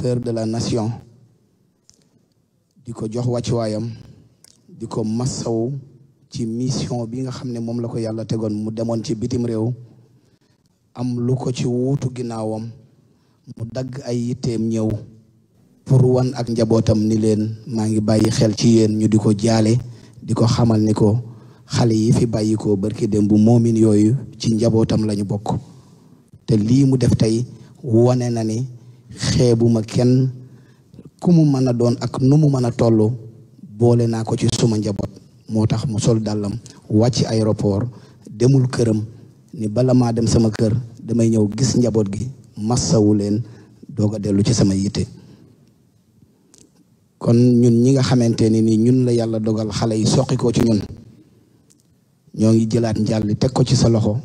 sénateur de la nation di ko jox wàccuwaayam di ko massaw ci mission bi nga xam ne moom la ko yàlla tegoon mu demoon ci bitim réew am lu ko ci wuutu ginnaawam mu dagg ay yitteem ñëw pour wan ak njabootam ni leen maa ngi bàyyi xel ci yéen ñu di ko jaale di ko xamal ni ko xale yi fi bàyyi ko barki dem bu moomin yooyu ci njabootam lañu bokk te lii mu def tey wane na ni xeebuma kenn ku mu mën a doon ak nu mu mën a toll boole naa ko ci suma njaboot moo tax mu sol dàllam wàcc aéroport demul këram ni bala maa dem sama kër damay ñëw gis njaboot gi massawu leen doog a dellu ci sama yitte kon ñun ñi nga xamante ni ni ñun la yàlla dogal xale yi soqikoo ci ñun ñoo ngi jëlaat njàll li teg ko ci sa loxo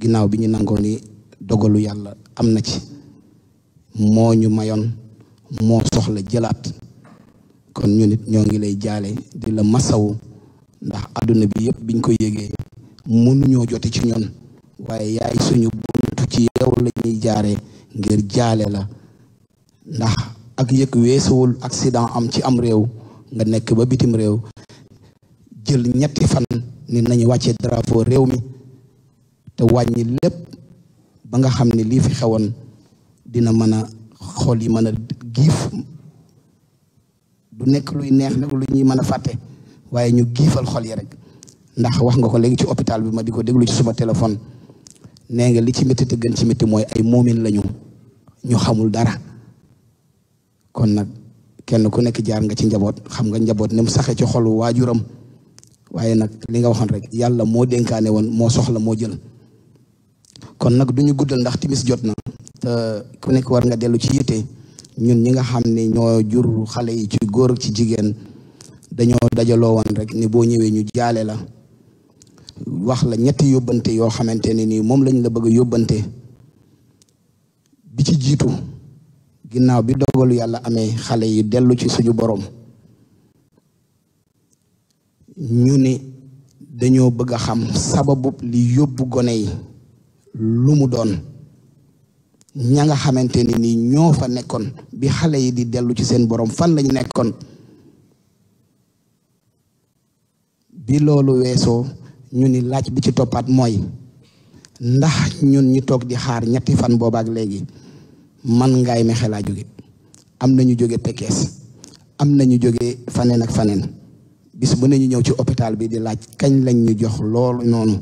ginnaaw bi ñu nangoo ni dogalu yàlla am na ci moo ñu mayoon moo soxla jëlaat kon ñu nit ñoo ngi lay jaale di la ndax àdduna bi yëpp biñ ko yégee mënuñoo jote ci ñoon waaye yaay suñu buntu ci yow la ñuy jaare ngir jaale la ndax ak yëg weesuwul accident am ci am réew nga nekk ba bitim réew jël ñetti fan ni nañu wàccee drapeau réew mi te wàññi lépp ba nga xam ne lii fi xewoon dina mën a xol yi mën a giif du nekk luy neex nag lu ñuy mën a fàtte waaye ñu giifal xol yi rek ndax wax nga ko léegi ci hôpital bi ma di ko déglu ci suma téléphone nee nga li ci métti te gën ci métti mooy ay moomin lañu ñu xamul dara kon nag kenn ku nekk jaar nga ci njaboot xam nga njaboot ni mu saxe ci xolu waajuram waaye nag li nga waxoon rek yàlla moo dénkaane woon moo soxla moo jël kon nag du ñu guddal ndax timis jot na ku nekk war nga dellu ci yitte ñun ñi nga xam ne ñoo jur xale yi ci góor ci jigéen dañoo dajaloo woon rek ni boo ñëwee ñu jaale la wax la ñetti yóbbante yoo xamante ne nii moom lañ la bëgg yóbbante bi ci jiitu ginnaaw bi dogalu yàlla amee xale yi dellu ci suñu boroom ñu ni dañoo bëgg a xam sababu li yóbbu gone yi lu mu doon ña nga xamante ni nii ñoo fa nekkoon bi xale yi di dellu ci seen boroom fan lañu nekkoon bi loolu weesoo ñu ni laaj bi ci toppaat mooy ndax ñun ñu toog di xaar ñetti fan boobaak léegi man ngay mexe laa jóge am na ñu jóge Pekes am na ñu jóge faneen ak faneen bis bu ne ñu ñëw ci hôpital bi di laaj kañ lañ ñu jox loolu noonu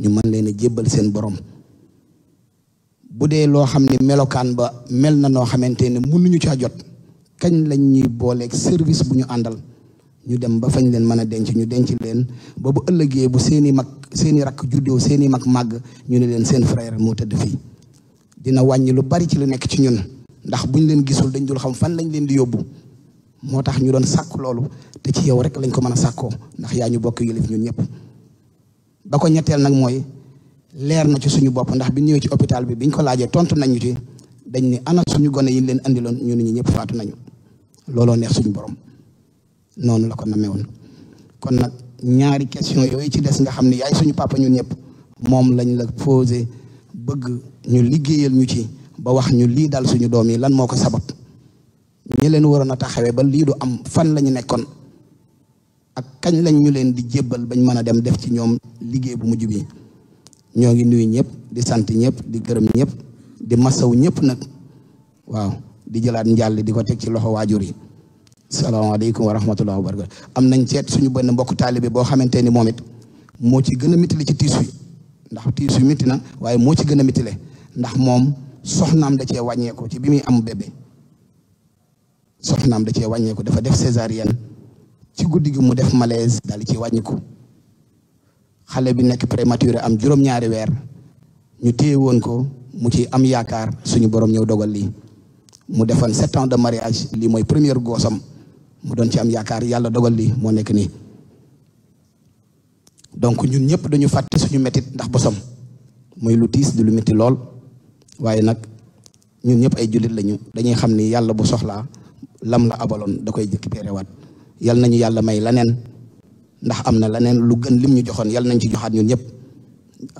ñu mën leen a jébbal seen borom bu dee loo xam ne melokaan ba mel na noo xamante ne mënuñu caa jot kañ lañ ñuy booleeg service bu ñu àndal ñu dem ba fañ leen mën a denc ñu denc leen ba bu ëllëgee bu seeni mag seeni rakk juddoo seeni mag màgg ñu ne leen seen frère moo tëdd fii dina wàññi lu bari ci lu nekk ci ñun ndax buñ leen gisul dañ dul xam fan lañ leen di yóbbu moo tax ñu doon sàkk loolu te ci yow rek lañ ko mën a sàkkoo ndax yaa ñu bokk yëlif ñun ñëpp ba ko ñetteel nag mooy leer na ci suñu bopp ndax bi ñëwee ci hôpital bi biñ ko laajee tontu nañu ci dañ ni ana suñu gone yi leen andiloon ñu ne ñu ñëpp faatu nañu looloo neex suñu borom noonu la ko namee woon kon nag ñaari question yooyu ci des nga xam ne yaay suñu papa ñun ñëpp moom lañu la posé bëgg ñu liggéeyal ñu ci ba wax ñu lii daal suñu doom yi lan moo ko sabab ñi leen waroon a taxawee ba lii du am fan lañu nekkoon ak kañ lañu ñu leen di jébbal bañ mën a dem def ci ñoom liggéey bu mujj bi ñoo ngi nuyu ñëpp di sant ñëpp di gërëm ñëpp di masaw ñëpp nag waaw di jëlaat njàll di ko teg ci loxo waajur yi salaamaaleykum wa rahmatulah wa barakatu am nañ ceet suñu benn mbokk taalibe boo xamante ni moom it moo ci gën a mitile ci tiis wi ndax tiis wi miti na waaye moo ci gën a mitile ndax moom soxnaam da cee wàññeeku ci bi muy am bébé soxnaam da cee wàññeeku dafa def césarienne ci guddi gi mu def malaise daal di ci wàññiku xale bi nekk prématuré am juróom-ñaari weer ñu téye woon ko mu ci am yaakaar suñu borom ñëw dogal lii mu defan sept de mariage lii mooy première goosam mu doon ci am yaakaar yàlla dogal lii moo nekk nii donc ñun ñëpp dañu fàtte suñu métit ndax bosam mooy lu tiis di lu métti lool waaye nag ñun ñëpp ay jullit lañu dañuy xam ni yàlla bu soxla lam la abaloon da koy jëkk jëkki wat yal nañu yàlla may laneen ndax am na leneen lu gën lim ñu joxoon yal nañ ci joxaat ñun ñëpp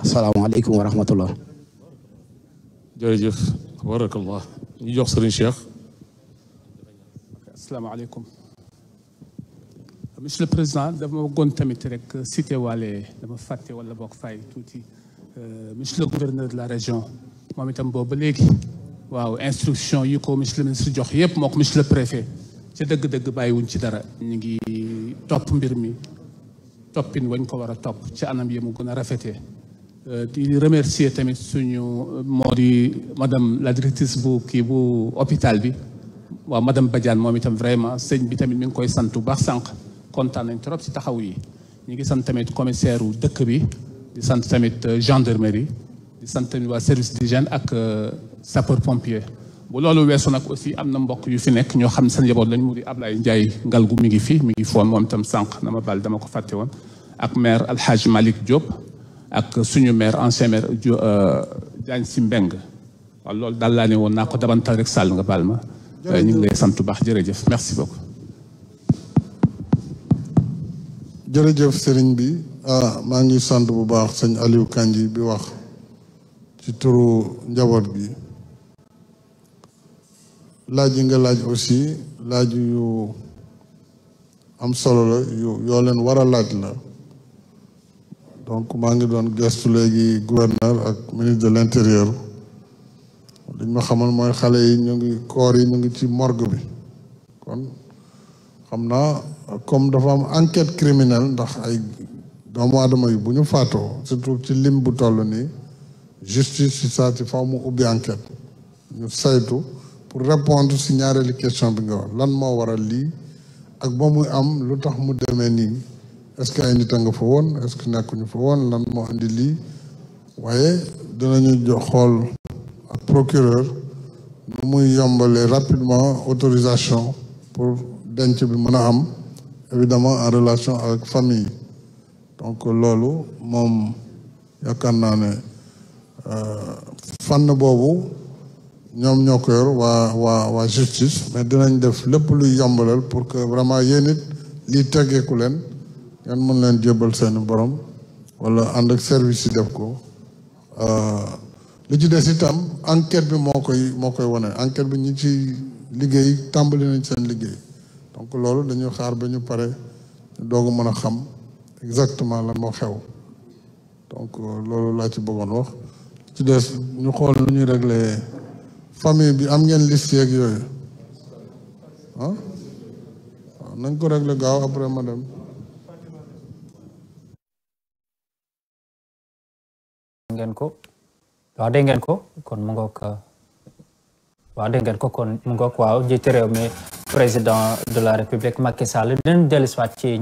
asalaamaaleykum wa rahmatullah jërëjëf barakallah ñu jox sëriñ Cheikh asalaamaaleykum monsieur le président dama bëggoon tamit rek cité waale dama fàtte wala bokk fay tuuti euh, monsieur le gouverneur de la région moom itam boobu léegi waaw instruction yi ko monsieur le ministre jox yëpp moo ko monsieur le préfet ca dëgg-dëgg bàyyiwuñ ci dara ñu ngi topp mbir mi toppin wañ ko war a topp ci anam yi mu gën a rafetee euh, di remercier tamit suñu euh, moo di madame la directrice bu kii bu hôpital bi waaw madame Badiane moom itam vraiment sëñ bi tamit mi ngi koy sant bu baax sànq kontaan nañ trop ci taxaw yi ñu ngi sant tamit commissaire wu dëkk bi di sant tamit euh, gendarmerie di sant tamit waa service d'hygiène ak sapeur pompier bu loolu weesu nag aussi am na mbokk yu fi nekk ñoo xam ne seen njaboot lañ mu di Ablaye Ndiaye ngal gu mi ngi fi mi ngi foon moom tam sànq na ma bal dama ko fàtte woon ak maire Alhaji Malick Diop ak suñu maire ancien maire euh, Diagne si mbeng waaw loolu daal laa ne woon naa ko dabantal rek sàll nga baal ma euh, ñu ngi lay sant bu baax jërëjëf merci beaucoup jërëjëf sëriñ bi ah, maa ngi sant bu baax sëñ Aliou Kandji bi wax ci turu njaboot gi laaj yi nga laaj aussi laaj yu am solo la yu yoo leen war laaj la donc maa ngi doon gëstu léegi gouverneur ak ministre de l'intérieur li ñu ma xamal mooy xale yi ñu ngi koor yi ñu ngi ci morgue bi kon xam naa comme dafa am enquête criminelle ndax ay doomu aadama yi bu ñu faatoo surtout ci lim bu toll nii justice si saati faw mu ubbi enquête ñu saytu pour répondre si ñaareelu question bi nga wax lan moo waral lii ak ba muy am lu tax mu demee nii est-ce que nit nga fa woon est-ce que nekkuñu fa woon lan moo indi lii waaye dinañu jox xool ak procureur nu muy yombalee rapidement autorisation pour denc bi mën a am évidemment en relation avec famille donc loolu moom yaakaar naa ne euh, fànn boobu ñoom ñoo ko yor waa waa waa justice mais dinañ def lépp luy yombalal pour que vraiment yéen it lii teggeeku leen ngeen mën leen jébbal seeni borom wala ànd ak service yi def ko li ci des itam enquête bi moo koy moo koy wane enquête bi ñu ci liggéey tàmbali nañ seen liggéey donc loolu dañuy xaar ba ñu pare ñu doogu mën a xam exactement la moo xew donc loolu laa ci bëggoon wax ci des ñu xool lu ñuy régler famille bi am ngeen liste yeeg yooyu ah waaw ko régler gaaw après ma dem ngeen ko waaw dégg ngeen ko kon mu ngoog waaw dégg ngeen ko kon mu ngoog waaw réew mi président de la république Macky Sall dinañ dellusiwaat ci